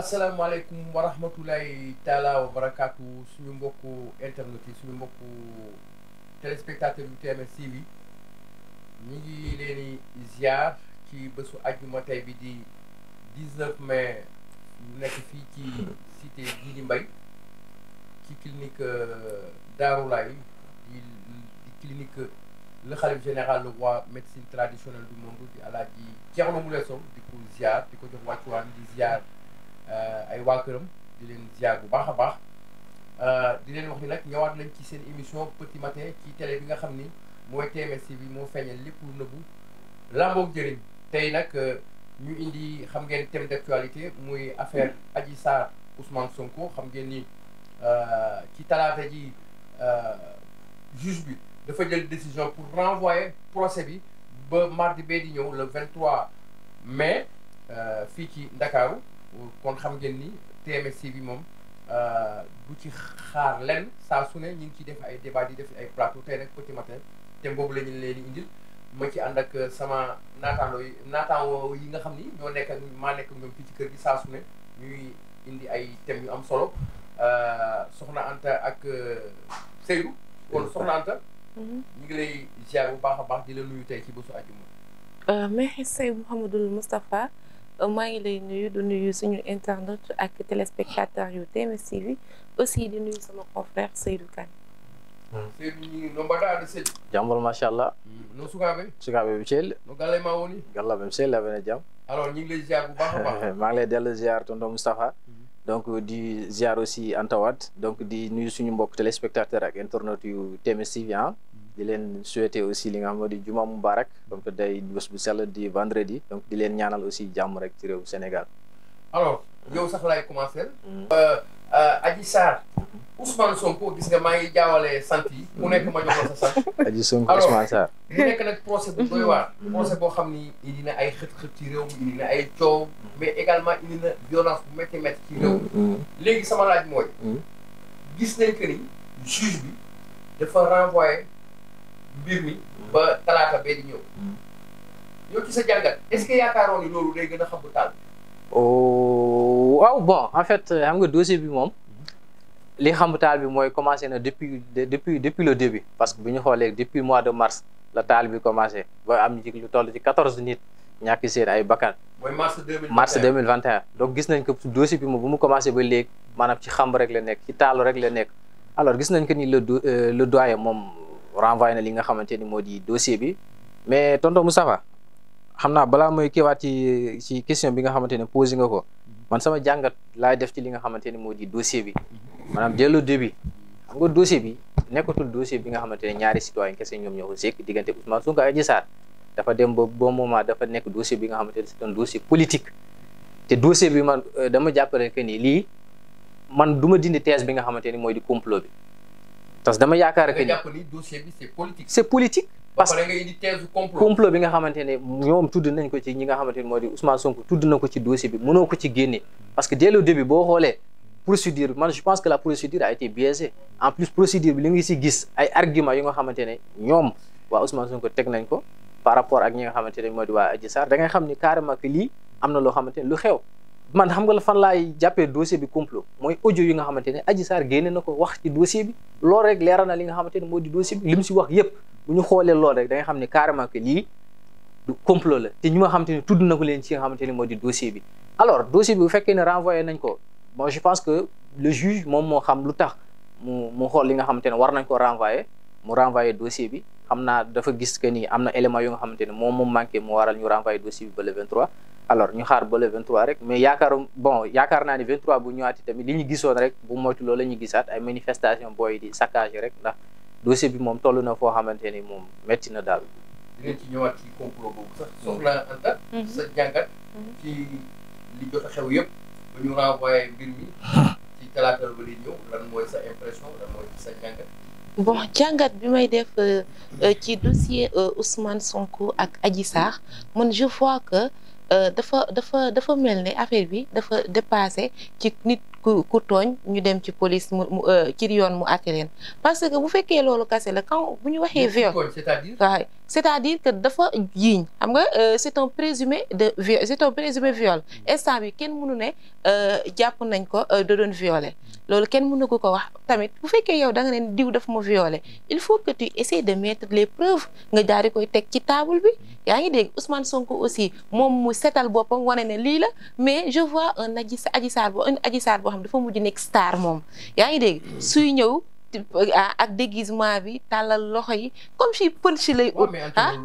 asalaamaaleykum wa rahmatulahi taala wa suñu mbokku internet yi suñu mbokku téléspectateur yu TMS TV ñu ngi leen di ci bësu ajjuma tey bi di 19 mai ñu nekk fii ci cité Djily Mbaye ci clinique euh, Darou Laye di clinique le khalife général le roi médecine traditionnelle du monde di El Hadji Thierno Moule Sow di ko ziar di ko jox wàccuwaan di ziar. Euh, ay waa këram di leen ziar bu baax a baax euh, di leen wax ni nag ñëwaat nañ ci seen émission petit matin ci télé bi nga xam ni mooy TMS bi moo feeñal lépp lu nëbbu làmboog jëriñ tey nag euh, ñu indi xam ngeen thème d'actualité mooy affaire aji Sarr Ousmane Sonko xam ngeen ni ci talaata ji juge bi dafa jël décision pour renvoyer procès bi ba mardi bee di ñëw le 23 mai fii ci Ndakaaru kon xam ngeen ni TMS bi moom bu euh, ci xaar lenn saa su ne ñu ngi ciy def ay débat di def ay plateau tey nag petit matin boobu la ñu leen di indil ma ci ànd ak euh, sama naataango yi yi nga xam ni ñoo nekk ak maa nekk ñoom fii ci kër gi saa su ne ñuy indi ay thèmes yu am solo euh, soxna Anta ak Seydou. kon soxna Anta. Mhm. ñu ngi lay ziar bu baax a baax di la nuyu tey ci bésu àjjuma. merci Seydou Mouhamadul Moustapha. maa ngi lay nuyu du nuyu suñu internaute ak téléspectateur yu TMS TV aussi di nuyu sama confrère Seydou Kane. Seydou ñu ngi nomba daal di Seydou. jàmbur macha allah. Hmm, no sukaabe. sukaabe bi Thiel. no gàllay maa woni. gàllay bi Thiel la benn jàmm. alors ñu ngi a maa ngi lay dellu ziar tonton Moustapha. Hmm. donc di ziar aussi Anta donc di nuyu suñu mbokk téléspectateur ak internaute yu TMS TV ah. di leen souhaiter aussi li nga xam ne di juma mubarak donc day bés bu sell di vendredi donc di leen ñaanal aussi jàmm rek ci réew Sénégal. alors yow sax laay commencer. Mm-hmm. Euh, euh, Adji Sarr Ousmane Sonko gis ne maa ngi jaawale sant yi. mu nekk ma jox la sa sant. Adji Sonko Ousmane Sarr alors mu nekk nag procès bu doy waar. Mm-hmm. procès boo xam ni indi na ay xët-xët ci réew mi indi na ay coow. mais également indi na violence bu métti métti ci réew mi. Mm-hmm. léegi sama laaj mooy. gis nañ dafa renvoyé. mbir mi ba talaata bee di ñëw hmm. yow ci sa jàngat est-ce e yaakaaroon loolu day gën a xam bu taal oh, waaw bon en fait xam nga dossier bi moom li xam taal bi mooy commencé na depuis depuis depuis le début parce que bu ñu xoolee depuis mois de mars la taal bi commencé ba am ci lu toll ci quatorze nit ñàkk seen ay bakkan mooy mars deux mille vingt et un donc gis nañ que dossier bi moom bu mu commencé ba léegi maanaam ci xam rek la nekk ci taalu rek la nekk alors gis nañ que ni le euh, le doyen moom renvoyé na li nga xamante ni moo di dossier bi mais ton tonton Moustapha xam naa balaa mooy kiiwaat ci ci question bi nga xamante ne posé nga ko man sama jàngat laa def ci li nga xamante ni moo di dossier bi maanaam dès le début xam nga bi nekkatul dossier bi nga xamante ne ñaari citoyen kese ñoom ñoo ko séq diggante Ousmane Sonko dem ba bon moment dafa nekk dossier bi nga xamante ne c'est un dossier politique te dossier bi man euh, dama jàppale que ni lii man du ma dindi thèse bi nga xamante ni mooy di complot bi parce que dama yaakaar que ni dossier bi c'est politique. c'est politique parce complot bi nga xamante ne ñoom tudd nañ ko ci ñi nga xamante ne moo di Ousmane Sonko tudd na ko ci dossier bi mënoo ko ci génne parce que dès le début boo xoolee procédure man je pense que la procédure a été biaisée en plus procédure bi li ngi si gis ay arguments yi nga xamante ne ñoom waa Ousmane Sonko teg nañ ko par rapport ak ñi nga xamante ne moo di waa Adji Sarr da xam ni carrément que lii am na xamante ne lu xew. man xam nga la fan laay jàppee dossier bi complot mooy ojo yi nga xamante ne Adji Sarr génne na ko wax ci dossier bi loolu rek leeral na li nga xamante ne moo di dossier bi li mu si wax yépp bu ñu xoolee loolu rek da nga xam ne carrément que lii du ñi nga xamante ne tudd na ko leen ci nga xamante ne moo di dossier bi alors dossier bi bu fekkee ne renvoyé nañ ko bon je pense que le juge moom moo xam lu tax mu mu xool li nga xamante ne war nañ ko renvoyé mu renvoyé dossier bi xam naa dafa gis que ni am na élément yu nga xamante ne moom moom manqué mu waral ñu renvoyé dossier bi ba le 23 alors ñu xaar ba le 23 rek mais yaakaar bon yaakaar naa ni 23 bu ñëwaati tamit li ñu gisoon rek bu moytu loolu ñu gisaat ay manifestation booy di saccage rek ndax dossier bi moom tollu na foo xamante ni moom metti na daal. Mm-hmm. Mm-hmm. Mm-hmm. a ñu renvoyé mbir mi ci talaata jàngat. bon bi may def euh, euh, ci dossier euh, Ousmane Sonko ak Adji Sarr man je fois que. Euh, dafa dafa dafa mel ne affaire bi dafa dépassé ci nit ku ku tooñ ñu dem ci police mu euh, ci yoon mu àtte leen parce que bu fekkee loolu kase la quand bu ñu waxee viol cest c'est-à-dire que dafa yiiñ xam nga euh, c'est un présumé de viol c'est un présumé viol mm. instant bi kenn mënu ne euh, jàpp nañ ko euh, da doon violé loolu kenn mënu ko ko wax tamit bu fekkee yow danga nga ne diw dafa ma viole il faut que tu essaies de mettre les preuves nga daal koy teg ci table bi yaa ngi dégg Ousmane Sonko aussi moom mu setal boppam wane ne lii la mais je vois un Adji Adji Sarr boo un Adji Sarr xam dafa mujj nekk star moom yaa ngi dégg mm. suy ñëw ak déguisement bi tàllal loxo yi comme si punch lay ut ah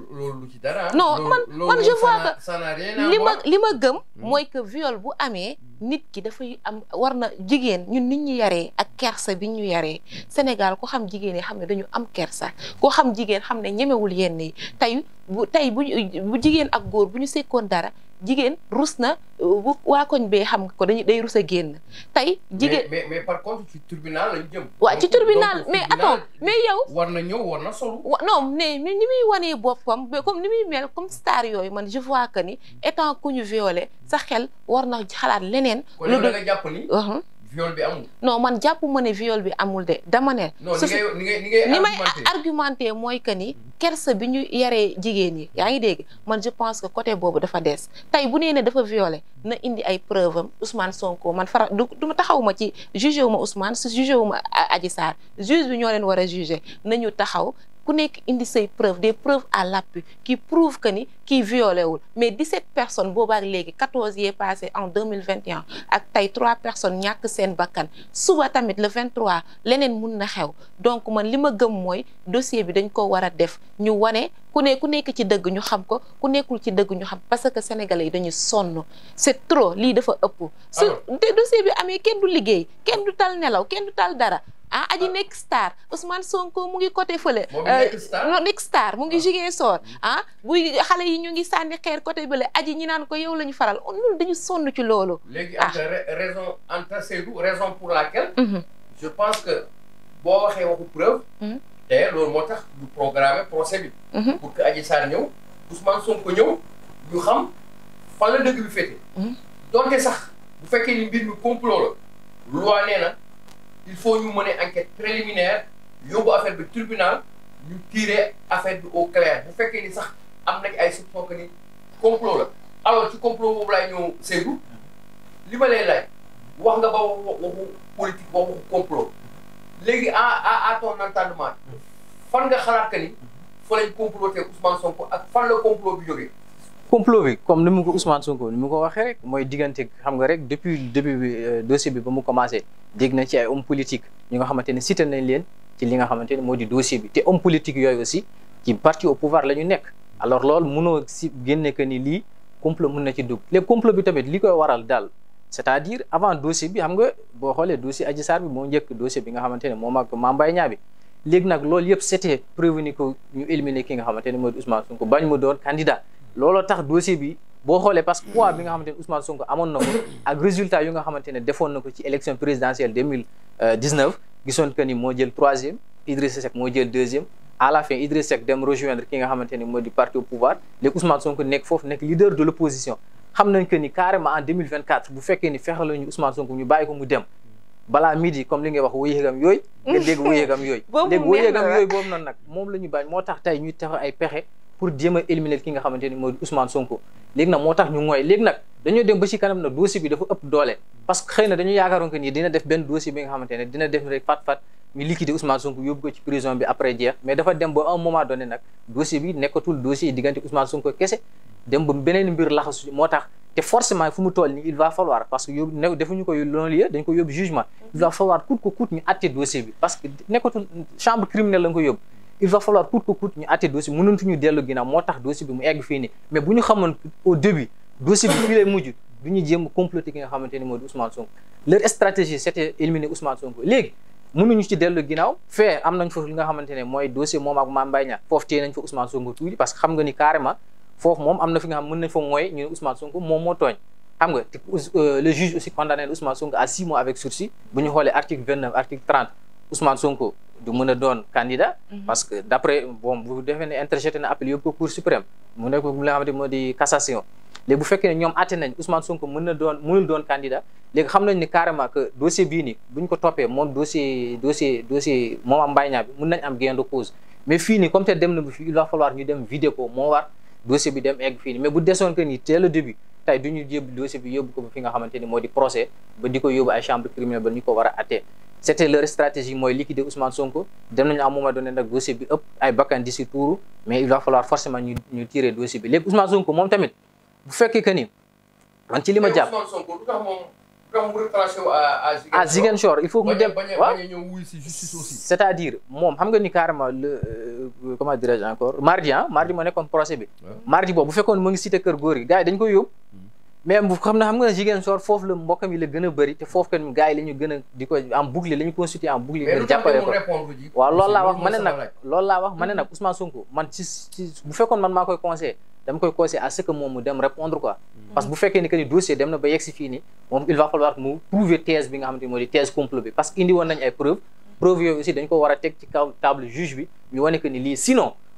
non man man je vois que li ma gëm hmm. mooy que viole bu amee nit ki dafay am war na jigéen ñun nit ñu yaree ak kersa bi ñu yaree Sénégal ku xam jigéen yi xam ne dañu am kersa ku xam jigéen xam ne ñemewul yenn yi tey bu tey bu bu jigéen ak góor bu ñu sekkoon dara jigéen rus na bu euh, waa koñ be xam ko dañuy day rus a génn tey. jigéen mais par contre ci tribunal waaw ci tribunal mais attends mais yow. war na ñëw war na solo. wa non mais ni muy wanee boppam mais comme ni muy mel comme star yooyu man je vois que ni étant ku ñu violé sa xel war na xalaat leneen. lu dul kon nga jàpp viol bi man jàppuma ne viole bi amul de dama ne. non ni may argumenté mooy que ni. kersa bi ñu yaree jigéen yi yaa ngi dégg man je pense que côté boobu dafa des tey bu nee ne dafa viole na indi ay preuve am Sonko man fara du du taxaw ma ci jugé wu ma Ousmane jugé wu ma Adji Sarr juge bi ñoo leen war a jugé nañu taxaw. ku nekk indi say preuve des preuves à l'appui qui prouve que ni kii violé wul mais 17 personnes boobaak léegi 14 yee passé en 2021 ak tey 3 personnes ñàkk seen bakkan suba tamit le 23 leneen mun na xew donc man li ma gëm mooy dossier bi dañ koo war a def ñu wane ku ne nekk ci dëgg ñu xam ko ku nekkul ci dëgg ñu xam parce que sénégalais yi dañu sonn c'est trop lii dafa ëpp. su dossier bi amee kenn du liggéey kenn du tal nelaw kenn du tal dara. ah aji nekk star Ousmane Sonko mu ngi côté fële. moom eh, nekk star mu ngi ah. jigéen soor. Mm-hmm. ah xale yi ñu ngi sànni xeer côté bële aji ñi naan ko yow la ñu faral loolu oh, dañu sonn ci loolu. léegi ah. am raison Anta Seydou raison pour la laquelle. Mm-hmm. je pense que boo waxee waxu preuve. Mm-hmm. te loolu moo tax ñu programmer procès bi. pour que Adji Sarr ñëw Ousmane Sonko ñëw ñu xam fan la dëgg bi féete. donte sax bu fekkee ni mbir mi complot la loi nee na. il faut ñu mener enquête préliminaire yóbbu affaire bi tribunal ñu tirer affaire bi au clair bu fekkee ni sax am nañ ay soupçon que ni complot la alors ci complot boobu laay ñëw Seydou li ma lay laaj wax nga ba wax waxu politique waxu complot léegi à à à ton entendement fan nga xalaat que ni fa lañ comploté Ousmane Sonko ak fan la complot bi jógee. complot bi comme ni mu ko Ousmane Sonko ni mu ko waxee rek mooy diggante xam nga rek depuis début bi euh, dossier bi ba mu commencé dégg na ci ay homme politique ñi nga xamante ne cité nañ leen ci li nga xamante ne moo di dossier bi te homme politique yooyu aussi ci parti au pouvoir la ñu nekk alors loolu mënoo si génne que ni lii complot mën na ci dugg léegi complot bi tamit li koy waral daal c'est-à-dire avant dossier bi xam nga boo xoolee dossier Adji Sarr bi moo njëkk dossier bi nga xamante ne moom ak Mame Mbaye Niang bi léegi nag loolu yëpp c'était prévenu que ñu éliminer ki nga xamante ne mooy Ousmane Sonko bañ mu doon candidat looloo tax dossier bi boo xoolee parce que poids bi nga xamante ne Ousmane Sonko amoon na ko ak résultat yu nga xamante ne defoon na ko ci élection présidentielle deux mille dix-neuf gisoon que ni moo jël troisième Idrissa Seck moo jël deuxième à la fin Idriss Seck ki nga xamante ni moo di parti au pouvoir léegi Ousmane Sonko nekk foofu nekk leader de l' opposition xam nañ que ni carrément en 2024 bu fekkee ni fexe la ñu Ousmane Sonko ñu bàyyi ko mu dem balaa midi comme li ngay wax wóyeegam yooyu nga dégg wóyeegam yooyu dégg wóyeegam yooyu boobu noonu nag moom la ñu bàyyi moo tax tey ñuy tax ay pexe pour jéem a éliminer ki nga xamante ni mooy Ousmane Sonko léegi nag moo tax ñu mooy léegi nag dañoo dem ba ci kanam na dossier bi dafa ëpp doole parce que xëy na dafa dem ba un moment donné nag dossier bi nekkatul dossier diggante Ousmane Sonko kese dem ba beneen mbir laxasu moo tax te forcément fu mu toll nii il va falloir parce que yóbbu ne defuñu ko non-lieu dañ ko yóbbu jugement il va falloir coûte que coûte ñu àtte bi parce que nekkatul chambre criminelle il va falloir coûte que coûte ñu àtte dossier mënatuñu dellu ginnaaw moo tax dossier bi mu egg fii mais bu ñu xamoon au début dossier bi fii lay mujj du ñu jéem comploter ki nga xamante ni moo di Ousmane Sonko leur stratégie c'était éliminer Ousmane Sonko léegi ginnaaw fee nañ foofu li nga xamante ne mooy dossier moom ak Mame Mbaye Niang foofu nañ fa Ousmane Sonko tuuti parce que xam nga ni carrément foofu moom am na fi nga xam mën nañ fa mooy ñu ne Ousmane Sonko moom moo tooñ xam nga te euh, le juge aussi condamné Ousmane Sonko Sonko du mën a doon candidat. Mhm. parce que d' après bon bu defee ne interjeté na appel yóbbu ko cour suprême mu nekk li nga moo di cassation léegi bu fekkee ne ñoom àtte nañ Ousmane Sonko mën na doon mënul doon candidat léegi xam nañ ni carrément que dossier bii nii buñ ko toppee moom dossier dossier dossier moom am mbay ñaa bi mën nañ am gain de cause mais fii nii comme te dem na bu fi il va falloir ñu dem vidé ko moo war dossier bi dem egg fii nii bu desoon que ni teel a début tey du bi fi nga xamante ni moo di procès ba di ko yóbbu ko war a c'était leur stratégie mooy liquider Ousmane Sonko dem nañu à un moment donné nag dossier bi ëpp ay bakkan di si tuuru mais il va falloir forcément ñu ñu tirer dossier léegi Ousmane Sonko moom tamit bu fekkee que ni man ci li ma jàpp. Ousmane Sonko lu tax moom à Ziguinchor il faut que mu dem waaw c'est-à-dire moom xam nga ni carrément le euh, comment dirais-je encore mardi ah mardi moo nekkoon procès bi. mardi boobu bu fekkoon mu ngi cité kër góor gi gars dañ koy yóbbu. Hmm. mais bu xam na xam nga Ziguinchor foofu la mbokkam yi la gën a bëri te foofu kan gars yi la ñu gën a di ko en boucle la ñu constitué en boucle ngir jàppale ko waaw loolu laa wax ma ne nag loolu laa wax ma ne nag Ousmane Sonko man ci ci bu fekkoon man maa koy conseillé dama koy conseillé à ce que moom mu dem répondre quoi hmm. parce que bu fekkee ni que ni dossier dem na ba yegsi fii ni moom il va falloir mu prouver thèse bi nga xamante ni moo di thèse complot bi parce que indi woon nañ ay preuve preuve a teg ci kaw bi ñu wane que ni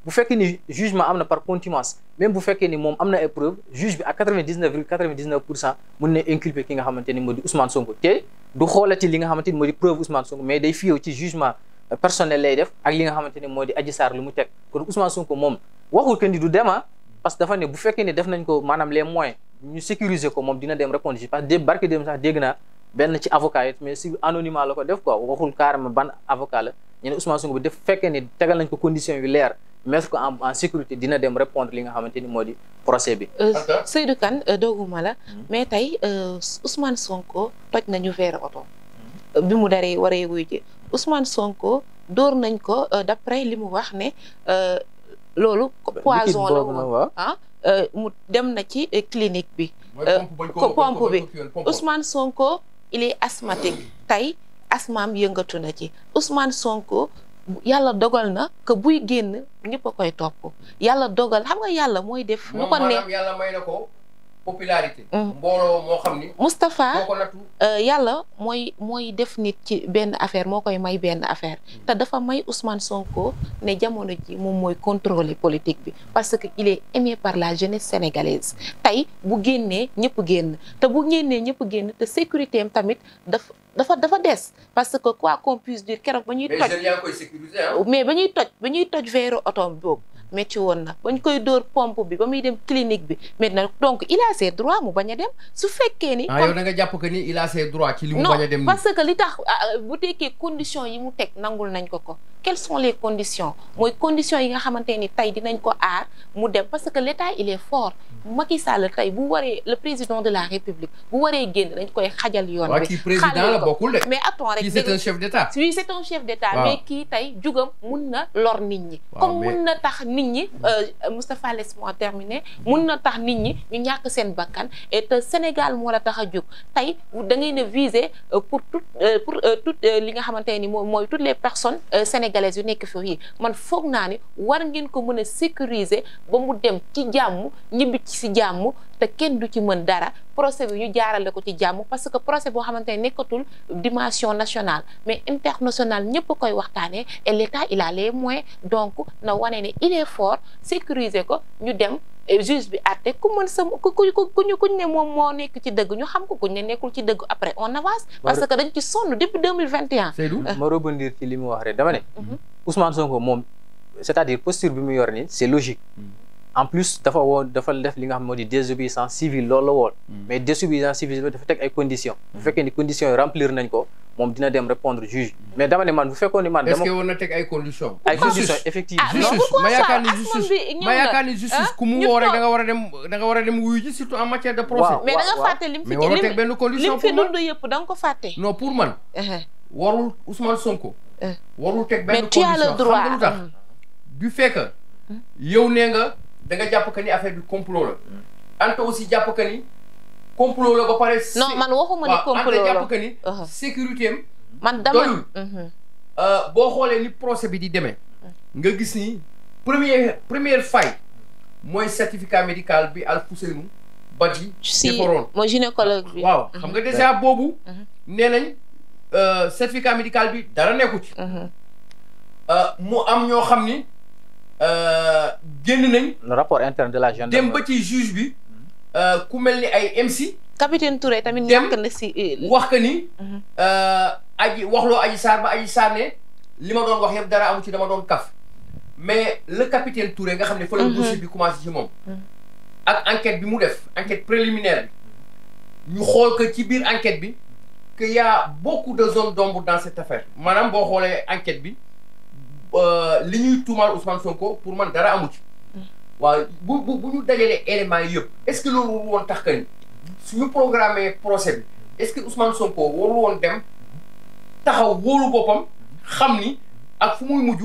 bu fekkee ni jugement am na par contumace même bu fekkee ni moom am na ay preuve juge bi à quatre-vingt-dix-neuf virgule quatre-vingt-dix-neuf pour cent mun na inculper ki nga xamante ni moo di Ousmane Sonko te du xoolati li nga xamante ni moo di preuve Ousmane Sonko mais day fiyew ci euh, ak li nga xamante moo di Adji Sarr lu mu teg kon Ousmane Sonko moom waxul que ni du dema ah, parce dafa ne bu fekkee ni def nañ ko maanaam les moyens ñu sécuriser ko moom dina dem répondre ji parce que dé barke dem sax dégg naa benn ci avocat yi mais si anonymat ko def quoi waxul carrément ban avocat la ñu ne Ousmane def fekkee ni tegal nañ ko condition yu leer mettre que en en sécurité dina dem répondre li nga xamante ni moo di procès bi. Euh, Seydou Kane euh, dooguma la. Hmm. mais tey euh, usman Sonko toj nañu verre oto. bi mu daree waree wuy ji Ousmane Sonko dóor nañ ko d'après li mu wax ne loolu. poison la woon ah mu dem na ci clinique bi. ko pompe bi Ousmane Sonko il est asthmatique tey asmaam yëngatu na ci Ousmane Sonko. yàlla dogal na que buy génn ñëpp koy topp yàlla dogal xam nga yàlla mooy def. lu ko neex yàlla may na ko popularité. Mm. mbooloo euh, yàlla mooy mooy def nit ci benn affaire moo koy may benn affaire mm. te dafa may Ousmane Sonko ne jamono ji moom mooy contrôler politique bi parce que il est aimé par la jeunesse sénégalaise tey bu génnee ñëpp génn te bu génnee ñëpp génn te sécurité am tamit dafa dafa dafa des parce que quoi qu'on puisse dire keroog ba ñuy toj mais ba ñuy toj ba ñuy toj veeru otoom boobu. métti woon na bañ koy dóor pompe bi ba muy dem clinique bi maintenant donc il a ses droits mu bañ a dem su fekkee ni. ah yow nga jàpp que ni il a ci li mu bañ a dem non parce que li tax ah, ah, bu tekkee conditions yi mu teg nangul nañ ko ko. quelles sont les conditions mooy conditions yi nga xamante ni tey dinañ ko aar mu dem parce que l' état il est fort Macky Sall tey bu waree le président de la république bu waree génn dañ koy xajal yoon bi président la bokkul de mais attends rek c'est un chef d' état oui c' est un chef d' état mais kii tey jugam na lor nit ñi nit ñi euh, Moustapha laisse-moi terminer mun na tax nit ñi ñu ñàkk seen bàkkan et te Sénégal moo la tax a jóg tey da ngay ne viser euh, pour tout euh, pour tout li nga xamante ni moom mooy toutes les personnes sénégalaises yu nekk fi yi man foog naa ne war ngeen ko mën a sécuriser ba mu dem ci jàmm ñibbi ci si jàmm te kenn du ci mën dara procès bi ñu jaarale ko ci jàmm parce que procès boo xamante ne nekkatul dimension nationale mais internationale ñëpp koy waxtaanee et l'État il a les donc na wane ne il est fort ko ñu dem juge bi àtte ku mën sa ku ku kuñu kuñ ne moom moo nekk ci dëgg ñu xam ko kuñ ne nekkul ci dëgg après on avance parce que dañ ci sonn depuis mille vingt et un Seydou ma rebondir ci li mu wax rek dama ne mhm. Ousmane Sonko moom c'est-à-dire posture bi mu yor nii c'est logique mhm. en plus dafa woon dafa def li nga xam moo di désobéissance civile loolu la woon. Mm. mais désobéissance civile dafa teg ay conditions. Mm. bu fekkee ni conditions yi remplir nañ ko moom dina dem répondre juge. Mm. mais dama ne man bu fekkoon ne man. dama war na teg ay conditions. ay conditions effectivement. Ah, justice ma yaakaar ni justice ma yaakaar ah, a mais da fàtte lim fi mais waroo teg benn condition lim fi dund yëpp da nga fàtte. non pour man. Eh. warul eh. mais tu as du fekk yow nee danga jàpp que ni affaire bi complot la. Anta aussi jàpp que ni complot la ba pare. non man waxuma ni complot la waaw jàpp que ni. Uh-huh. sécurité man dama doyul. Uh-huh. Euh, boo xoolee ni procès bi di demee. Uh-huh. nga gis ni première première faille mooy certificat médical bi Alfousseynou Badji. si mooy gynécologue bi waaw xam nga déjà boobu. nee nañ euh, certificat médical bi dara nekku ci. Euh, mu am ñoo xam ni. Euh, génn nañ. le rapport interne de la gendarmerie dem ba ci juge bi euh, ku mel ni ay MC. capitaine Touré tamit nekk na si. Euh, wax que ni. Mhm. aji waxloo aji saar ba aji saar ne li ma doon wax yëpp dara amu ci dama doon kaf mais le capitaine Touré nga xam ne. fa la mhm. dossier bi commencé ci moom. Mhm. ak enquête bi mu def enquête préliminaire bi ñu xool que ci biir enquête bi que yaa a beaucoup de zone d'ombre dans cette affaire maanaam boo xoolee enquête bi. Euh, li ñuy tuumaal Ousmane Sonko pour man dara amu ci. waaw bu bu bu ñu dajalee éléments yi yëpp est-ce que loolu woon tax que ni suñu programmé procès bi est-ce que Ousmane Sonko warul woon dem taxaw wóolu boppam xam ni ak fu muy mujj.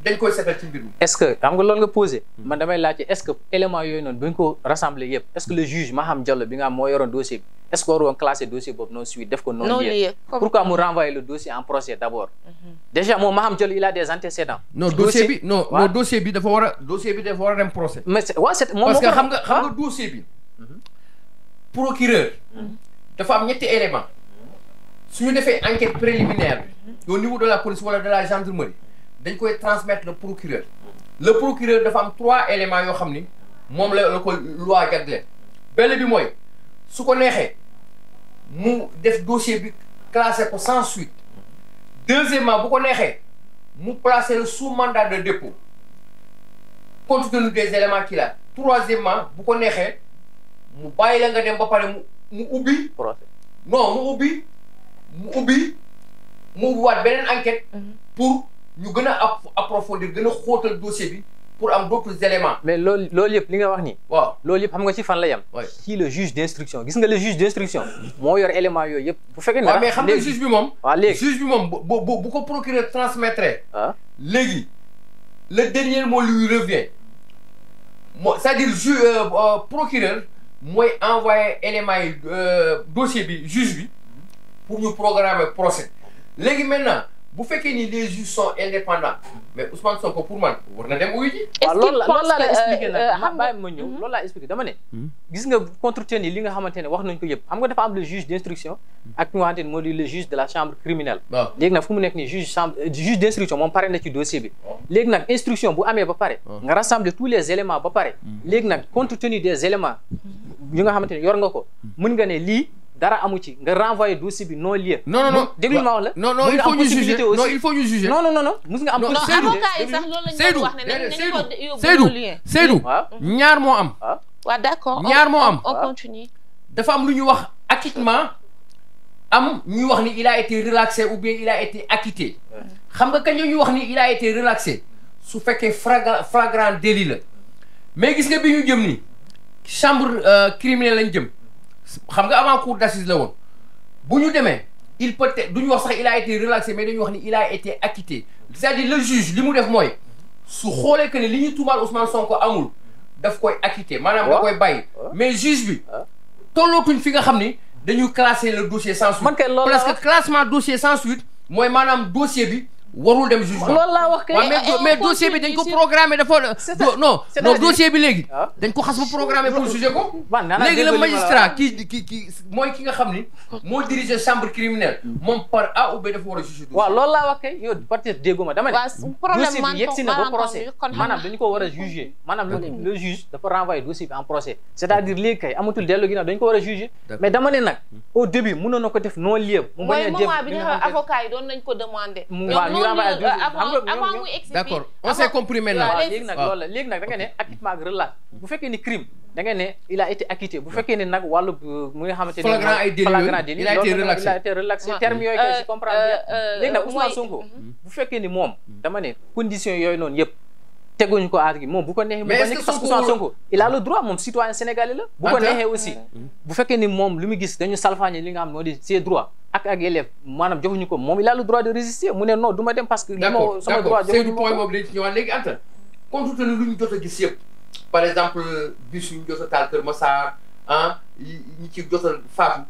dañ koy seetal ci mbir mi est ce que xam nga loolu nga posé man damay laajte est ce que élément yooyu noonu bu ñu ko rassemblé yëpp est ce le juge Maham Diallo bi nga xam yoroon dossier bi est waroon classé dossier boobu non suite def ko non lieu pourquoi mu renvoyer le dossier en procès d' abord mhm. déjà moom Maham Diallo il a des antécédents non dossier bi non non bi dafa war a dossier bi dafa dem procès mais waaw c'est parce que xam nga xam ah? bi mhm. procureur dafa am ñetti élément defee enquête préliminaire bi mhm. de la police wala de la gendarmerie dañ koy transmettre le procureur le procureur dafa am trois éléments yoo xam ni moom la la ko loi jagleel benn bi mooy su ko neexee mu def dossier bi classé ko sans suite deuxièmement bu ko neexee mu placer le sous mandat de dépôt compte tenu des éléments qu'il a troisièmement bu ko neexee mu bàyyi la nga dem ba pare mu mu ubbi procès non mu ubbi mu ubbi mu ubbiwaat beneen enquête mhm. pour ñu gën a approfondir gën a xóotal dossier bi pour am d'autres éléments. mais loolu loolu yëpp li nga wax nii. waaw loolu yëpp xam nga si fan la yem. ci le juge d'instruction gis nga le juge d'instruction. moo yor élément yooyu yëpp bu fekkee ne. waaw ah, xam nga bi moom. waaw léegi juge bi moom bu bu bu ko procureur transmettre. ah léegi le dernier mot lui revient moo c'est-à-dire euh, euh, procureur mooy envoyé éléments yi euh, dossier bi juge bi pour ñu programme procès léegi maintenant. bu fekkee ni les juges sont indépendants mais Ousmane Sonko pour man war na dem wuyu ji. Ah, loolu la expliqué nag euh, ma bàyyi ma ñëw loolu laa expliqué dama ne. Hmm. gis nga contretenir yi li nga xamante ne wax nañ ko yëpp xam nga dafa am le juge d'instruction. ak ki nga xamante ne moo di le juge de la chambre criminelle. waaw ah. léegi nag fu mu nekk nii euh, juge d'instruction moom pare na ci dossier bi. Ah. léegi nag instruction bu amee ba pare. nga rassembler tous les éléments ba pare. Hmm. léegi nag contretenu des éléments. yi nga xamante ne yor nga ko. Hmm. mën nga ne lii. dara amu ci nga renvoyé dossier bi non lieu. non non non déglu ma wax la. non non il faut ñu juger non il faut ñu juger. non non non mus nga am. non avocat yi sax loolu la ñu wax ne nañu ko yóbbu non lieu Seydou Seydou ah. mm-hmm. ñaar moo am. Ah. waaw d'accord ñaar moo am. on continue. dafa am lu ñu wax acquittement am ñuy wax ni il a été relaxé ou bien il a été acquitté xam nga kañ la ñuy wax ni il a été relaxé su fekkee flagrant flagrant délit la mais gis nga bi ñu jëm ni chambre euh, criminelle lañ jëm. xam nga avant cour d'assises la woon bu ñu demee il peut être du wax sax il a été relaxé mais dañu wax ni il a été acquitté c'est-à-dire le juge li mu def mooy su xoolee que ne li ñuy tuumaal Ousmane Sonko amul daf koy acquitté maanaam da koy bàyyi mais juge bi ah. tollootuñ fi nga xam ni dañu classé le dossier sans suite parce que classement dossier sans suite mooy maanaam dossier bi warul dem jugement loolu laa wax que mais dossier bi dañ ko programmé dafa. non non dossier bi léegi. Ah. dañ ko xas ba programmé pour juger ko. léegi la magistrat kii kii kii mooy ki nga xam ni. moo dirigé chambre criminelle. moom par A ou B dafa war a juger. waaw loolu laa wax que yow partir déggu ma dama ne. dossier bi yegg si na ba procès maanaam dañu ko war a juger maanaam le juge dafa renvoyé dossier bi en procès. c' est à dire léegi kay amatul dellu ginnaaw dañu ko war a juger. mais dama ne nag au début mënoon na ko def non lieu. mu bañ a def mooy moment bi nga xam avocat yi doon nañ ko demandé. Euh, euh, avant muy expliqué d'accord on s'est compris maintenant léegi nag loolu la léegi nag da ne acquittement ak relax bu fekkee ni crime da nga ne il a été bu fekkee ne nag wàllu euh, mu nga xamante ne flagrant ay délit il a été relaxé il a été relaxé terme yooyu kay je comprends bien léegi nag Ousmane Sonko mhm. bu fekkee ni moom dama ne condition yooyu noonu yëpp teguñu ko aar gi moom bu ko neexee. mais est-ce que a le droit moom citoyen la. bu ko neexee aussi. bu fekkee ni moom lu mu gis dañu salfaañe li nga xam moo di ses droits ak ak élèves maanaam joxuñu ko moom il a le droit de résister mu ne non du ma dem parce que. li ma sama droit joxuñu ko point boobu lañ ci ñëwaat léegi Anta compte lu ñu jot a gis yëpp par exemple bus yu ñu jot a taal ah, ci jot a faatu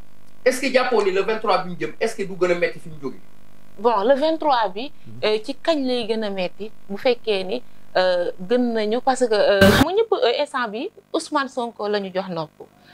est-ce que jàppoon la le 23 bi ñu jëm est-ce que du gën a metti fi ñu jógee. bi. Mm-hmm. Euh, ci kañ lay gën a metti bu fekkee ni Euh, gën nañu parce que euh, mu ñëpp euh, instant bi Ousmane Sonko la ñu jox nopp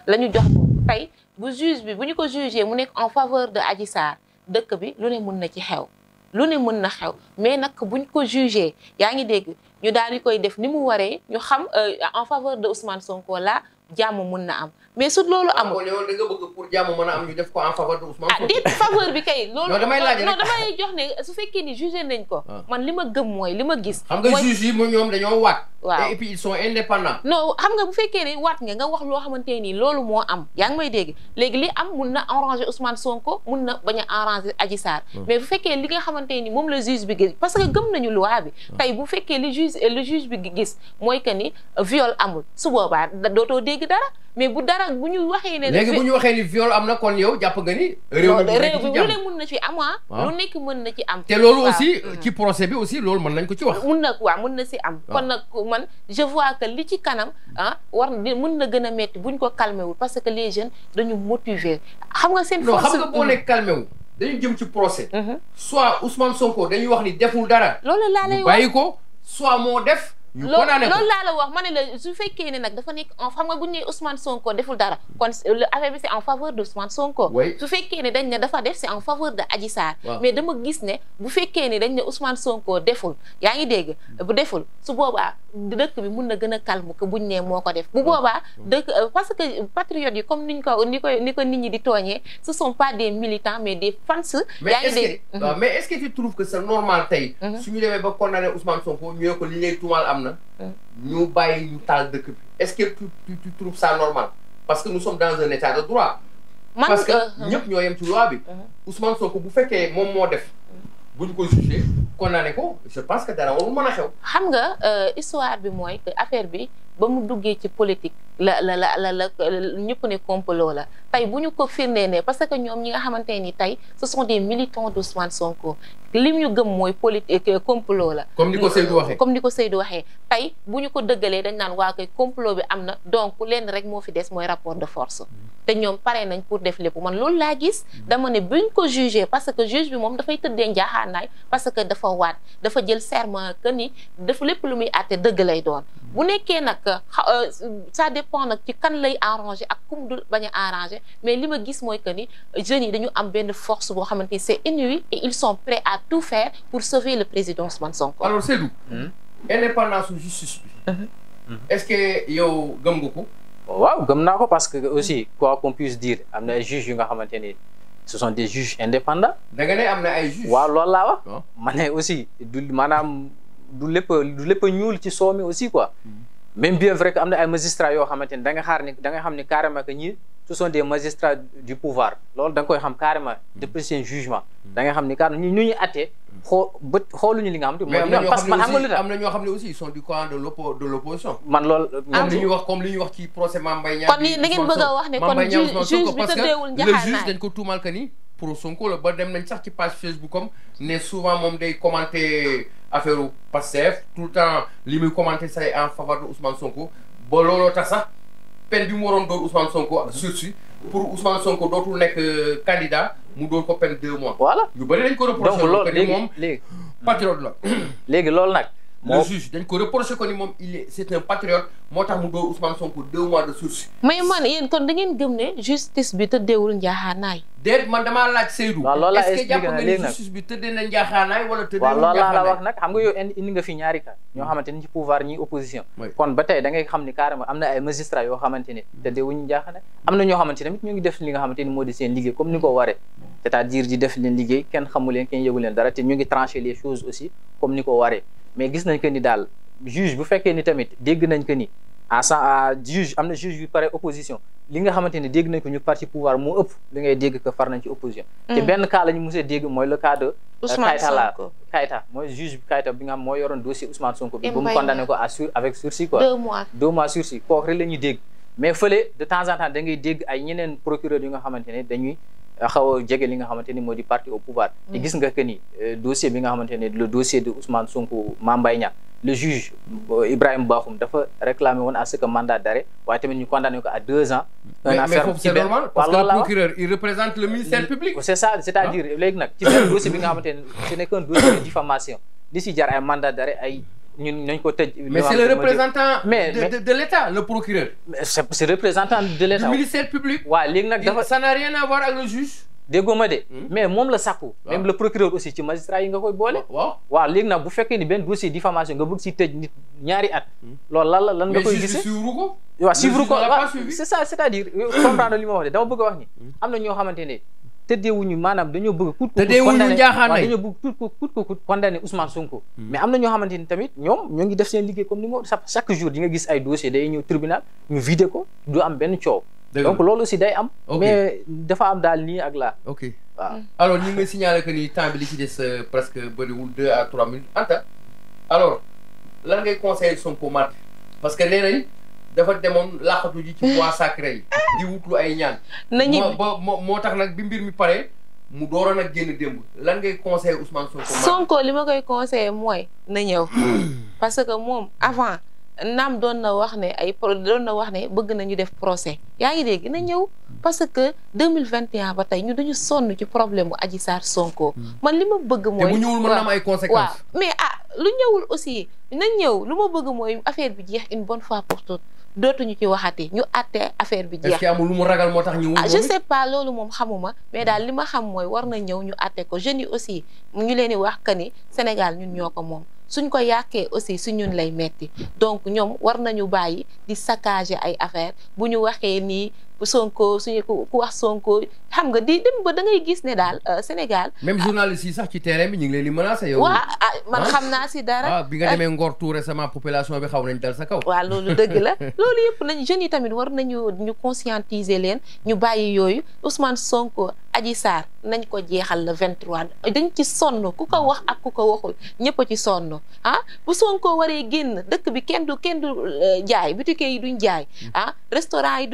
la ñu jox bopp tey bu juge bi bu ñu ko jugee mu nekk en faveur de Adji Sarr dëkk bi lu ne mën na ci xew lu ne mën na xew mais nag buñ ko jugee yaa ngi dégg ñu daal di koy def ni mu waree ñu xam en faveur de Ousmane Sonko la jàmm mun na am mais su loolu ah, amul. loolu da nga bëgg pour jàmm mën a am ñu def ko en faveur de Ousmane. ah déet laaj non jox ne su fekkee ni jugé nañ ko. Ah. man li ma gëm mooy li ma gis. xam nga juge yi ñoom dañoo waat. waaw et puis nga bu fekkee ne waat nga nga wax loo xamante nii loolu moo am. yaa ngi may dégg léegi li am mun na arranger Ousmane Sonko mun na bañ a arranger Adji ah. mais bu fekkee li nga xamante ni moom la juge bi gis parce que gëm nañu loi bi. tey bu fekkee li juge le juge bi gis mooy que ni viole amul su boobaa dégg dara mais bu dara bu ñu waxee ne. léegi bu ñu waxee ni viol am na kon yow jàpp nga ni. réew mi lu ne mën na ci am ah. ah. lu nekk mën na ci am. te loolu aussi ci procès bi aussi loolu mën nañ ko ci wax. mën na waaw mën na si am. Ah. kon nag man je vois que li ci kanam ah war mun na gën a métti buñ ko calmé wul parce que les jeunes dañu motiver. xam nga seen force non xam nga boo nekk calmé wu. dañu jëm ci procès. Mhm. soit Ousmane Sonko dañuy wax ni deful dara. loolu laa lay wax ko soit moo def lool condamné loolu laa la wax ma ne la su fekkee ne nag dafa nekk en xam nga bu ñu nee Ousmane Sonko deful dara kon affaire bi c'est en faveur de Ousmane Sonko. su fekkee ne dañ ne dafa def c'est en faveur de Adji Sarr. mais dama gis ne bu fekkee ne dañ ne Ousmane Sonko deful yaa ngi dégg bu deful su boobaa dëkk bi mun na gën a calme que buñ nee moo ko def. bu boobaa mm-hmm. dëkk euh, parce que patriotes yi comme niñ ko ni ko ni ko nit ñi di tooñee ce sont pas des militants mais des fans. yaa ngi dégg mais est-ce que mais est-ce que na ñu bàyyi ñu taal dëkk bi est-ce que tu tu trouves ça normal parce que nous sommes dans un état de droit parce que euh, euh, ñëpp ñoo yem ci loi bi euh. Ousmane Sonko bu fekkee moom moo def bu ñu ko jugé condamné ko je pense que dara warul mën a xew xam nga histoire bi mooy affaire bi ba mu duggee ci politique la la la la la ñëpp ne complot la tey bu ñu ko firndee ne parce que ñoom ñi nga xamante ni tey ce sont des militants d'Ousmane Sonko lim ñu gëm mooy politique eh, complot la. comme ni ko Seydou waxee comme ni ko Seydou waxee tey bu ñu ko dëggalee dañ naan waa koy complot bi am na donc lenn rek moo fi des mooy rapport de force. te ñoom pare nañ pour def lépp man loolu laa gis dama ne buñ ko jugé parce que juge bi moom dafay tëddee njaaxaanaay parce que dafa waat dafa jël serment que ni def lépp lu muy àtte dëgg lay doon. bu nekkee nag euh, ça dépend nag ci kan lay arrangé a kum dul bañ a arrangé mais li ma gis mooy que ni jeunes yi dañu am benn force boo xamante ni c'est inouï et ils sont prêts à tout faire pour sauver le président Ousmane Sonko. alors Seydou. Hmm? indépendance su mm-hmm. est-ce que yow gëm nga ko. waaw gëm naa ko parce que aussi quoi qu'on puisse dire am na ay juges yu nga xamante ni ce des juges indépendants. da nga ne am na ay juges. waaw loolu laa wax. ma aussi du maanaam. du lépp du lépp ñuul ci soomi aussi quoi mm. même bien vrai que am na ay yoo xamante ni da xaar ni xam ni carrément que ñii ce sont des magistrats du pouvoir loolu da nga koy xam carrément depuis mm. seen jugement mm. da nga xam ni carrément ñu ñuy attee xoo bët xooluñu li nga xam te mooy parce que man xam nga lu na ñoo xam ne aussi ils sont du camp de l'oppo de li ñu wax comme li ñu wax ci procès Mame Mbaye Niang kon da ngeen bëgg a wax ne kon juge bi tëddeewul njaxaanaay parce que le juge dañ ko tuumal que ni pro moom day commenter affaire u Pastef tout le temps li muy commenté say en faveur de Ousmane Sonko ba looloo tax sax peine bi mu waroon doon Ousmane Sonko sursis pour Ousmane Sonko dootul nekk euh, candidat mu doon ko peine deux mois. voilà yu bëri nañ ko reproché. donc loolu léegi léegi moom patriote la. léegi loolu nag. le juge moo tax mu doo Ousmane Sonko deux mois de sursis. mais man yéen kon da ngeen ne justice bi tëddee na njaaxaanaay wala tëddee. waaw loolu la wax nag xam nga yow indi nga fi ñaari cas. ñoo xamante ni pouvoir ñi opposition. kon ba tey da xam ni carrément am na ay magistrats yoo xamante ne mm. tëddeewuñu njaaxaanaay am na ñoo xamante tamit ñu ngi def li nga xamante ni moo di seen liggéey comme ni ko waree. c'est-à-dire di def leen liggéey kenn xamu leen kenn yëgu leen dara te ñu ngi trancher les choses mais gis nañ que ni daal juge bu fekkee ni tamit dégg nañ que ni à cent à juge am na juge yu pare opposition li nga xamante ni dégg nañ ko ñu parti pouvoir moo ëpp li ngay dégg que far nañ ci opposition. te mm. benn cas la ñu mos a dégg mooy le cas de. Euh, Sonko bi nga xam moo yoroon dossier Ousmane Sonko bi. ba mu condamné ko avec sursis quoi. deux mois deux mois sursis kooku mais fële de temps en temps da ngay ay ñeneen procureur yu nga xamante ne dañuy xaw a jege li nga xamante ni moo di parti au pouvoir mm. te gis nga que ni euh, dossier bi nga xamante ne le dossier de Ousmane Sonko Mame Mbaye Niang le juge euh, Ibrahima Bakhoum dafa réclamé woon à ce que mandat d'arrêt waaye tamit ñu condamné ko à deux ans un an ferme ci benn parce que le procureur il représente le ministère public c'est ça c'est-à-dire ah. léegi nag ci benn dossier bi nga xamante ne ce n'est qu'un dossier diffamation li si jar ay mandat d'arrêt ay ñun nañ ko tëj. mais c'est le mais de de l'État le procureur. représentant de l'État. du ministère nag dafa ça n'a rien à voir de. Hmm? mais moom la sàkku. même le procureur aussi ci magistrat yi nga koy boole. waaw waaw léegi nag bu fekkee ni benn dossier diffamation nga bëgg si tëj nit ñaari at. Hmm. lool lan la lan nga koy gisee mais si ko. waaw suivre ko waaw c'est ça c'est-à-dire euh, comprendre li ma wax de dama bëgg wax ni hmm. am na ñoo xamante ne tëddeewuñu maanaam dañoo bëgg kut ko dañoo bëgg kut ko kut ko kut condamné Sonko hmm. mais am na ñoo xamante ni tamit ñoom ñoo ngi def seen liggéey comme ni nga sa chaque jour di nga gis ay dossier day ñëw tribunal ñu vidé ko du am benn coow donc loolu aussi day am mais dafa am daal nii ak laa ok waaw hmm. alors ñu ngi signalé que ni temps bi li ci des euh, presque bëriwul deux à trois minutes Anta alors lan ngay conseillé Sonko matt parce que nee nañ dafa demoon laqatu ji ci bois sacré yi di wutlu ay ñaan nañu ba moo tax nag bi mbir mi pare mu dooroon ak génn démb lan ngay conseillé Ousmane Sonko li ma koy conseillé mooy na ñëw parce que moom avant naam doon na wax ne ay doon na wax ne bëgg nañu def procès yaa ngi dégg na ñëw parce que 2021 ba tey ñu dañu sonn ci problème bu Adji Sarr Sonko. Hmm. man li ma bëgg mooy. te bu ay conséquences. waaw mais ah lu ñëwul aussi na ñëw lu ma bëgg mooy affaire bi jeex une bone fois pour toutes. dootuñu ci waxati ñu àtte affaire bi jeex. est-ce lu mu ragal moo tax ñu. ah je sais pas loolu moom xamuma mais daal hmm. li ma xam mooy war na ñëw ñu àtte ko jeunes yi aussi mu ñu leen di wax que ni Sénégal ñun ñoo ko moom. suñ ko yàqee aussi suñ ñun lay metti donc ñoom war nañu bàyyi di saccager ay affaire bu ñu waxee nii bu Sonko suñu ku wax Sonko xam nga di dem ba da ngay gis ne daal euh, Sénégal. même journaliste yi sax ci terrain bi ñu ngi leen di menacé yow. Ah, man ah. xam naa si dara. Ah, bi nga euh, demee Ngor tout récemment population bi xaw nañ dal sa kaw. waaw loolu dëgg la loolu yëpp nañ jeunes yi tamit war nañu ñu conscientiser leen ñu bàyyi yooyu Ousmane Sonko. Aji Sarr nañ ko jeexal le 23 dañ ci sonn ku ko wax ak ku ko waxul ñëpp a ci sonn ah bu Sonko waree génn dëkk bi kenn du kenn du euh, jaay boutique yi duñ jaay mm. ah restaurant yi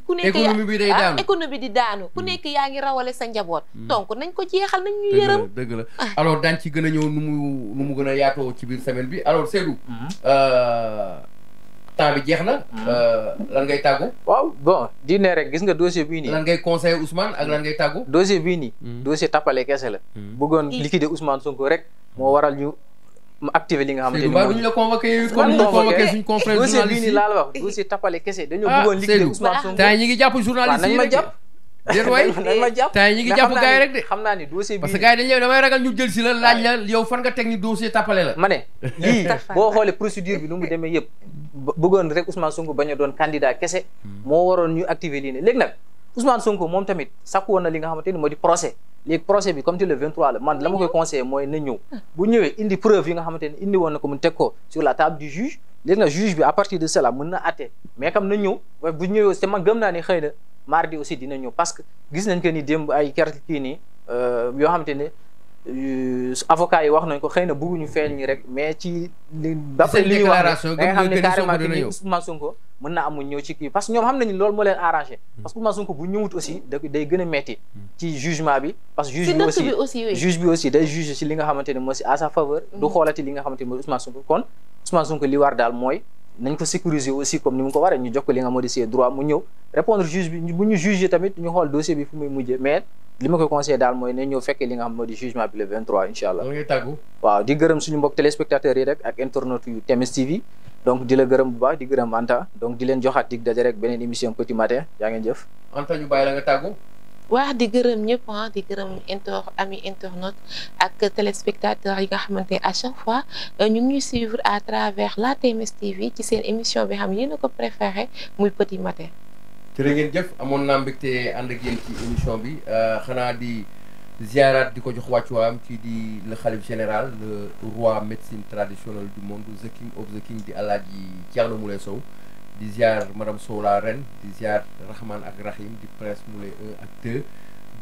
ku nekk économie bi day ah, daanu économie di daanu ku mm. nekk yaa ngi rawale sa njaboot mm. donc nañ ko jeexal nañ ñu yërëm dëgg la ah. alors daan ci gën a ñëw nu mu nu mu gën a yaatoo ci biir semaine bi alors Seydou mm-hmm. euh, temps bi jeex na. Mm-hmm. Euh, lan ngay tàggu. waaw bon di ne rek gis nga dossier bii nii. lan ngay conseillé Ousmane ak lan ngay tàggu. dossier bii nii. Mm. dossier tappale kese la. bëggoon liquider Ousmane Sonko rek moo waral ñu. mu activé li nga xamante ni moom Seydou Ba duñ la convoqué yow comme ñu convoqué suñu confrère kese dañoo ah, bëggoon liggéey de xam naa ni dossier bi si la laaj la yow fan nga teg ni dossier tapale xoolee procédure bi nu demee yëpp bëggoon rek Ousmane Sonko a doon candidat kese hmm. moo waroon ñu activé lii ne léegi nag Ousmane Sonko moom tamit sakku woon na li nga xamante ni moo di procès léegi procès bi comme tu le 23 la man la ma koy conseillé mooy na ñëw bu ñëwee indi preuve yi nga xamante ni indi woon na ko mu teg ko sur la table du juge léegi nag juge bi à partir de cela mën na àtte mais comme na ñëw bu ñëwee te man gëm naa ne xëy na mardi aussi dina ñëw parce que gis nañ que ni démb ay kër kii nii euh, yoo xamante ne Euh, avocat yi wax nañ ko xëy na bëgguñu feeñ ñi rek mais ci li d'après li ñu wax da nga xam ne carrément que ni Ousmane Sonko mën naa amul ñëw ci kii parce que ñoom hmm. a metti hmm. ci jugement bi parce que juge ci li nga hmm. war daal mooy nañ ko sécuriser aussi comme ni mu ko waree ñu jox ko li nga modifié droit mu ñëw répondre juge bi ñu jugé tamit ñu xool dossier bi fu muy mujjee mais li ma koy conseil daal mooy ne ñëw fekkee li nga xam moo di jugement bi le 23 incha allah. loolu ngay tàggu. di gërëm suñu mbokk téléspectateurs yi rek ak internautes yu TMS TV donc di la gërëm bu baax di gërëm Anta donc di leen joxaat dig rek beneen émission petit matin yaa ngeen jëf. Anta ñu bàyyi la nga tàggu. waaw di gërëm ñëpp ah di gërëm inter ami internaute ak téléspectateurs yi nga xamante à chaque fois euh, ñu ngi ñuy suivre à travers la TMS TV ci seen émission bi xam yéen a ko préféré muy petit matin. jërë ngeen jëf amoon naa mbégte ànd ak yéen ci émission bi euh, xanaa di ziarat di ko jox wàccuwaayam ci di le xalif général le roi médecine traditionnelle du monde the king of the king di Alaaji Thierno Moule Sow di ziar madame Sow la reine di ziar Rahman ak Rahim di prince Moule 1 ak 2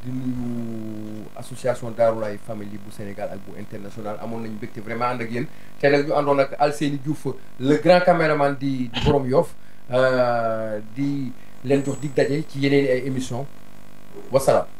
di nuyu association Daarulaay famille bu Sénégal ak bu international amoon nañu mbégte vraiment ànd ak yéen te nag ñu àndoon ak Alseyni Diouf le grand caméraman di di borom leen jox dig daje ci yeneen ay émission wasalaam